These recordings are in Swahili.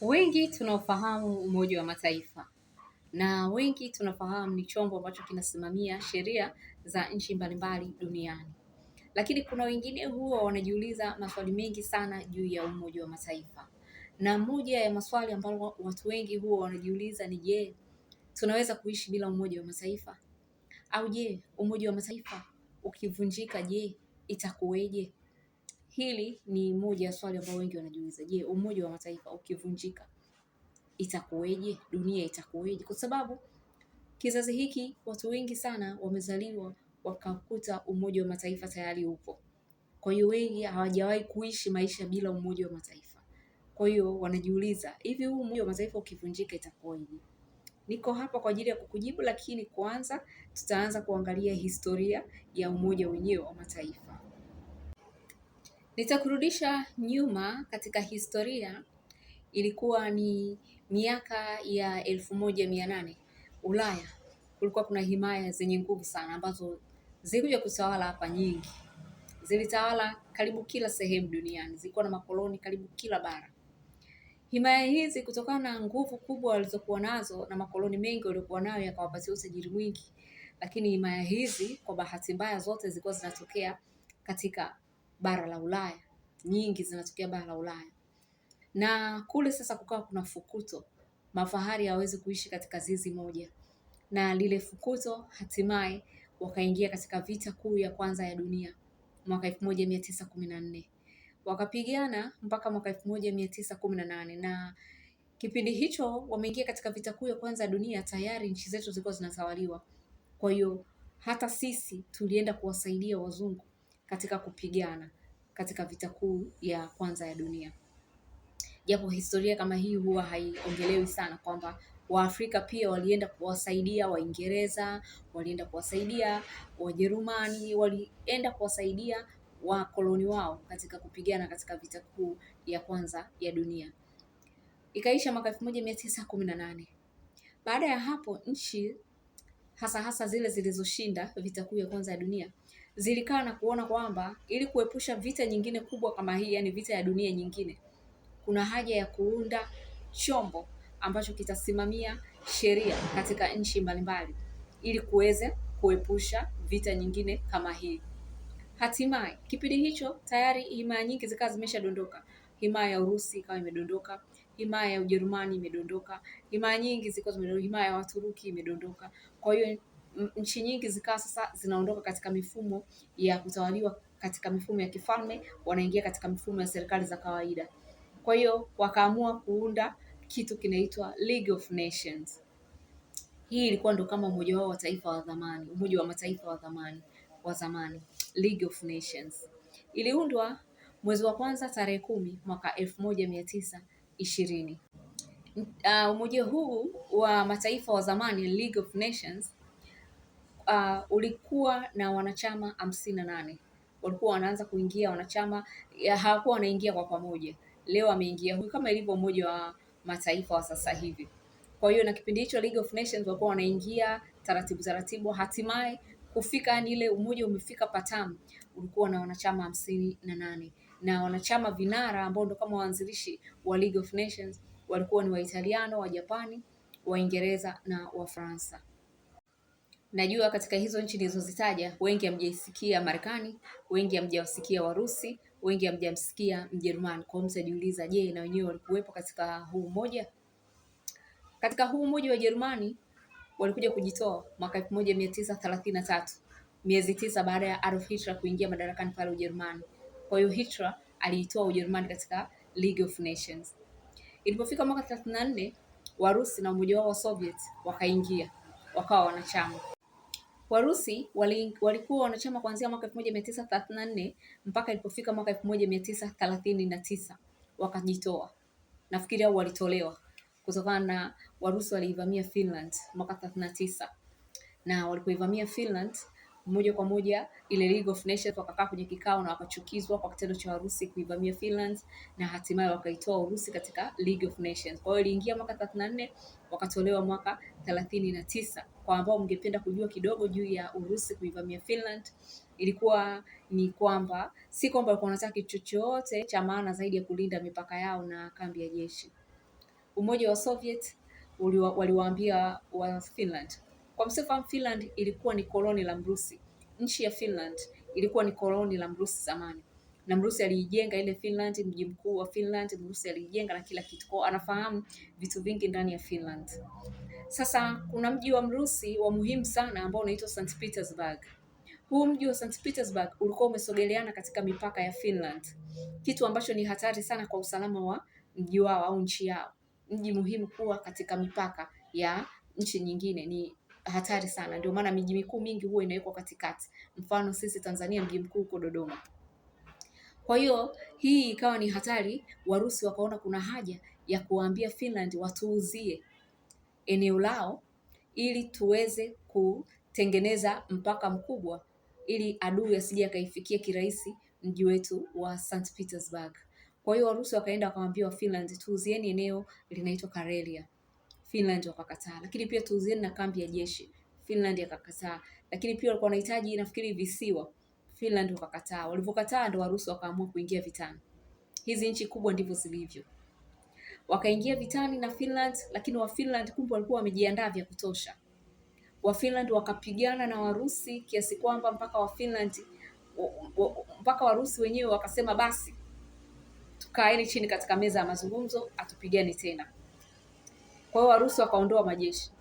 Wengi tunaofahamu Umoja wa Mataifa na wengi tunafahamu ni chombo ambacho kinasimamia sheria za nchi mbalimbali duniani, lakini kuna wengine huwa wanajiuliza maswali mengi sana juu ya Umoja wa Mataifa, na moja ya maswali ambayo watu wengi huwa wanajiuliza ni je, tunaweza kuishi bila Umoja wa Mataifa? Au je, Umoja wa Mataifa ukivunjika, je itakuweje? Hili ni moja ya swali ambalo wengi wanajiuliza. Je, Umoja wa Mataifa ukivunjika itakuweje? Dunia itakuweje? Kwa sababu kizazi hiki watu wengi sana wamezaliwa wakakuta Umoja wa Mataifa tayari upo. Kwa hiyo wengi hawajawahi kuishi maisha bila Umoja wa Mataifa. Kwa hiyo wanajiuliza, hivi huu Umoja wa Mataifa ukivunjika itakuwaje? Niko hapa kwa ajili ya kukujibu, lakini kwanza tutaanza kuangalia historia ya umoja wenyewe wa mataifa. Nitakurudisha nyuma katika historia, ilikuwa ni miaka ya elfu moja mia nane Ulaya. Kulikuwa kuna himaya zenye nguvu sana ambazo zilikuja kutawala hapa nyingi, zilitawala karibu kila sehemu duniani, zilikuwa na makoloni karibu kila bara. Himaya hizi kutokana na nguvu kubwa walizokuwa nazo na makoloni mengi waliokuwa nayo yakawapatia utajiri mwingi, lakini himaya hizi kwa bahati mbaya zote zilikuwa zinatokea katika bara la Ulaya, nyingi zinatokea bara la Ulaya, na kule sasa kukawa kuna fukuto, mafahari hawezi kuishi katika zizi moja, na lile fukuto hatimaye wakaingia katika vita kuu ya kwanza ya dunia mwaka 1914 wakapigana mpaka mwaka 1918 na kipindi hicho wameingia katika vita kuu ya kwanza ya dunia. Tayari nchi zetu zilikuwa zinatawaliwa, kwa hiyo hata sisi tulienda kuwasaidia wazungu katika kupigana katika vita kuu ya kwanza ya dunia. Japo historia kama hii huwa haiongelewi sana kwamba Waafrika pia walienda kuwasaidia Waingereza, walienda kuwasaidia Wajerumani, walienda kuwasaidia wakoloni wao katika kupigana katika vita kuu ya kwanza ya dunia. Ikaisha mwaka elfu moja mia tisa kumi na nane. Baada ya hapo nchi hasa hasa zile zilizoshinda vita kuu ya kwanza ya dunia zilikaa na kuona kwamba ili kuepusha vita nyingine kubwa kama hii, yani vita ya dunia nyingine, kuna haja ya kuunda chombo ambacho kitasimamia sheria katika nchi mbalimbali ili kuweze kuepusha vita nyingine kama hii. Hatimaye kipindi hicho tayari himaya nyingi zikawa zimeshadondoka. Himaya ya Urusi ikawa imedondoka, himaya ya Ujerumani imedondoka, himaya nyingi zilikuwa zimedondoka, himaya ya Waturuki imedondoka. Kwa hiyo nchi nyingi zikawa sasa zinaondoka katika mifumo ya kutawaliwa katika mifumo ya kifalme, wanaingia katika mifumo ya serikali za kawaida. Kwa hiyo wakaamua kuunda kitu kinaitwa League of Nations. Hii ilikuwa ndo kama umoja wao wa taifa wa zamani, umoja wa mataifa wa zamani wa zamani, League of Nations iliundwa mwezi wa kwanza tarehe kumi mwaka elfu moja mia tisa ishirini. Uh, umoja huu wa mataifa wa zamani League of Nations uh, ulikuwa na wanachama hamsini na nane walikuwa wanaanza kuingia wanachama, hawakuwa wanaingia kwa pamoja. Leo ameingia huyu, kama ilivyo Umoja wa Mataifa wa sasa hivi. Kwa hiyo na kipindi hicho League of Nations walikuwa wanaingia taratibu taratibu, hatimaye kufika yani ile umoja umefika patam, ulikuwa na wanachama hamsini na nane na wanachama vinara ambao ndo kama waanzilishi wa League of Nations walikuwa ni Waitaliano, Wajapani, Waingereza na Wafaransa. Najua katika hizo nchi nilizozitaja wengi hamjaisikia Marekani, wengi hamjawasikia Warusi, wengi hamjamsikia Mjerumani. Kwa hiyo mtajiuliza, je, na wenyewe walikuwepo katika huu umoja? Katika huu umoja wa Jerumani walikuja kujitoa mwaka 1933 miezi tisa baada ya Adolf Hitler kuingia madarakani pale Ujerumani. Kwa hiyo Hitler aliitoa Ujerumani katika League of Nations. Ilipofika mwaka 34 Warusi na umoja wao wa Soviet wakaingia wakawa wanachama. Warusi wali, walikuwa wanachama kuanzia mwaka 1934 mpaka ilipofika mwaka 1939 wakajitoa. Nafikiri au walitolewa kutokana na Warusi waliivamia Finland mwaka 39 na walipoivamia Finland moja kwa moja ile League of Nations wakakaa kwenye kikao na wakachukizwa kwa kitendo cha urusi kuivamia Finland na hatimaye wakaitoa Urusi katika League of Nations. Kwa hiyo iliingia mwaka 34 wakatolewa mwaka 39. Kwa ambao mngependa kujua kidogo juu ya Urusi kuivamia Finland, ilikuwa ni kwamba si kwamba walikuwa wanataka kitu chochote cha maana zaidi ya kulinda mipaka yao na kambi ya jeshi. Umoja wa Soviet waliwaambia wa Finland kwa mfano, Finland ilikuwa ni koloni la Mrusi. Nchi ya Finland ilikuwa ni koloni la Mrusi zamani, na Mrusi aliijenga ile Finland, mji mkuu wa Finland Mrusi aliijenga na kila kitu, kwa anafahamu vitu vingi ndani ya Finland. Sasa kuna mji wa Mrusi wa muhimu sana ambao unaitwa St. Petersburg. Huu mji wa St. Petersburg ulikuwa umesogeleana katika mipaka ya Finland, kitu ambacho ni hatari sana kwa usalama wa mji wao au nchi yao. Mji muhimu kuwa katika mipaka ya nchi nyingine ni hatari sana. Ndio maana miji mikuu mingi huwa inawekwa katikati, mfano sisi Tanzania mji mkuu uko Dodoma. Kwa hiyo hii ikawa ni hatari, Warusi wakaona kuna haja ya kuwaambia Finland watuuzie eneo lao ili tuweze kutengeneza mpaka mkubwa ili adui asije akaifikia kirahisi mji wetu wa St. Petersburg. Kwa hiyo Warusi wakaenda wakamwambia Finland tuuzieni eneo linaitwa Karelia. Finland wakakataa, lakini pia tuuzieni na kambi ya jeshi, Finland yakakataa, lakini pia walikuwa wanahitaji nafikiri visiwa, Finland wakakataa. Walivyokataa ndo Warusi wakaamua kuingia vitani. Hizi nchi kubwa ndivyo zilivyo, wakaingia vitani na Finland, lakini wa Finland kumbe walikuwa wamejiandaa vya kutosha. Wa Finland wakapigana na Warusi kiasi kwamba mpaka wa Finland mpaka Warusi wenyewe wakasema basi tukaeni chini katika meza ya mazungumzo, hatupigani tena. Kwa hiyo Warusi wakaondoa majeshi,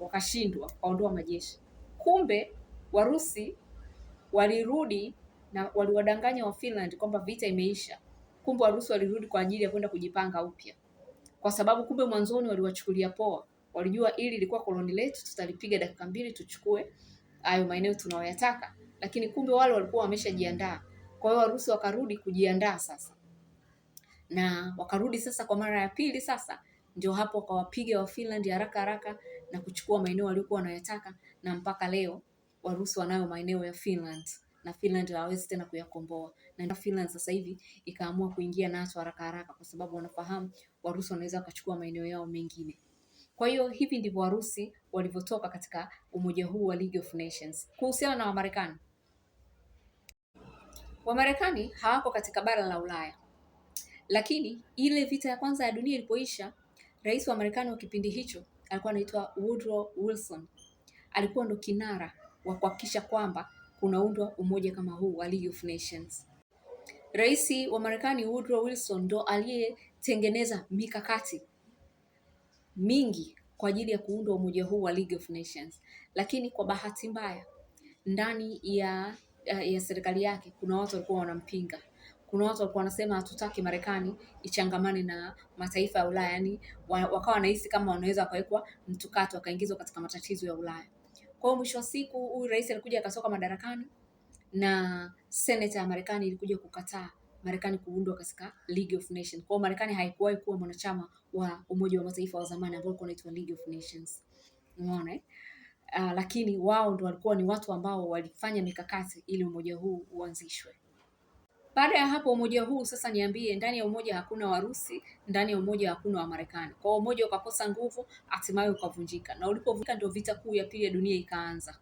wakashindwa, wakaondoa majeshi. Kumbe Warusi walirudi na waliwadanganya wa Finland kwamba vita imeisha. Kumbe Warusi walirudi kwa ajili ya kwenda kujipanga upya, kwa sababu kumbe mwanzoni waliwachukulia poa. Walijua ili ilikuwa koloni letu, tutalipiga dakika mbili tuchukue hayo maeneo tunayoyataka, lakini kumbe wale walikuwa wameshajiandaa. Kwa hiyo Warusi wakarudi kujiandaa sasa, na wakarudi sasa kwa mara ya pili sasa ndio hapo wakawapiga wa Finland haraka haraka na kuchukua maeneo waliokuwa wanayataka, na mpaka leo Warusi wanayo maeneo ya Finland na Finland hawawezi tena kuyakomboa, na Finland sasa hivi ikaamua kuingia NATO haraka haraka, kwa sababu wanafahamu Warusi wanaweza wakachukua maeneo yao mengine. Kwa hiyo hivi ndivyo Warusi walivyotoka katika umoja huu wa League of Nations. Kuhusiana na Wamarekani, Wamarekani hawako katika bara la Ulaya, lakini ile vita ya kwanza ya dunia ilipoisha Rais wa Marekani wa kipindi hicho alikuwa anaitwa Woodrow Wilson. Alikuwa ndo kinara wa kuhakikisha kwamba kunaundwa umoja kama huu wa League of Nations. Rais wa Marekani Woodrow Wilson ndo aliyetengeneza mikakati mingi kwa ajili ya kuundwa umoja huu wa League of Nations, lakini kwa bahati mbaya ndani ya, ya serikali yake kuna watu walikuwa wanampinga kuna watu walikuwa wanasema hatutaki Marekani ichangamane na mataifa ya Ulaya, yani wakawa wanahisi kama wanaweza wakawekwa mtukato wakaingizwa katika matatizo ya Ulaya. Kwa hiyo mwisho wa siku huyu rais alikuja akatoka madarakani na seneta ya Marekani ilikuja kukataa Marekani kuundwa katika League of Nations. Kwa hiyo Marekani haikuwahi kuwa mwanachama wa Umoja wa Mataifa wa zamani ambao ulikuwa unaitwa League of Nations. Unaona Uh, lakini wao ndo walikuwa ni watu ambao walifanya mikakati ili umoja huu uanzishwe. Baada ya hapo umoja huu sasa, niambie, ndani ya umoja hakuna Warusi, ndani ya umoja hakuna Wamarekani. Kwa umoja ukakosa nguvu, hatimaye ukavunjika, na ulipovunjika ndio vita kuu ya pili ya dunia ikaanza.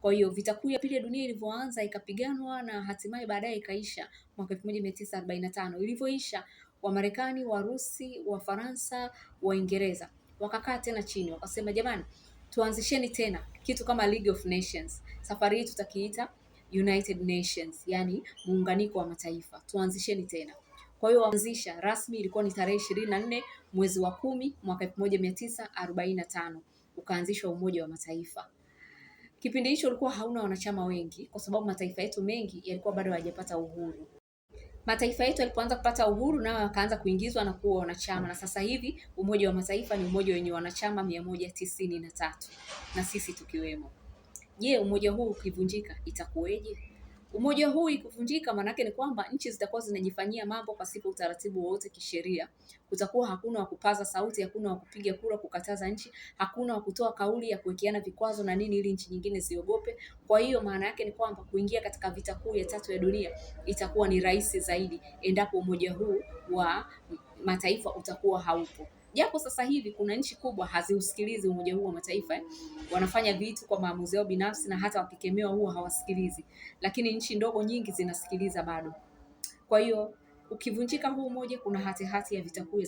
Kwa hiyo vita kuu ya pili ya dunia ilivyoanza, ikapiganwa na hatimaye baadaye ikaisha mwaka 1945. Ilivyoisha, Wamarekani, Warusi, Wafaransa, Waingereza wakakaa tena chini, wakasema, jamani, tuanzisheni tena kitu kama League of Nations. Safari hii tutakiita United Nations, yani muunganiko wa mataifa, tuanzisheni tena. Kwa hiyo waanzisha rasmi ilikuwa ni tarehe ishirini na nne mwezi wa kumi mwaka elfu moja mia tisa arobaini na tano ukaanzishwa Umoja wa Mataifa. Kipindi hicho ulikuwa hauna wanachama wengi, kwa sababu mataifa yetu mengi yalikuwa bado hayajapata uhuru. Mataifa yetu yalipoanza kupata uhuru, nao wakaanza kuingizwa na kuwa wanachama, na sasa hivi Umoja wa Mataifa ni umoja wenye wanachama mia moja tisini na tatu na sisi tukiwemo. Je, umoja huu ukivunjika itakuweje? Umoja huu ikivunjika, maanake ni kwamba nchi zitakuwa zinajifanyia mambo pasipo utaratibu wowote kisheria. Kutakuwa hakuna wa kupaza sauti, hakuna wa kupiga kura kukataza nchi, hakuna wa kutoa kauli ya kuwekeana vikwazo na nini ili nchi nyingine ziogope. Kwa hiyo maana yake ni kwamba kuingia katika vita kuu ya tatu ya dunia itakuwa ni rahisi zaidi endapo umoja huu wa mataifa utakuwa haupo japo sasa hivi kuna nchi kubwa haziusikilizi umoja huu wa mataifa eh. Wanafanya vitu kwa maamuzi yao binafsi na hata wakikemewa huwa hawasikilizi, lakini nchi ndogo nyingi zinasikiliza bado. Kwa hiyo ukivunjika huu umoja, kuna hatihati hati ya vita kuu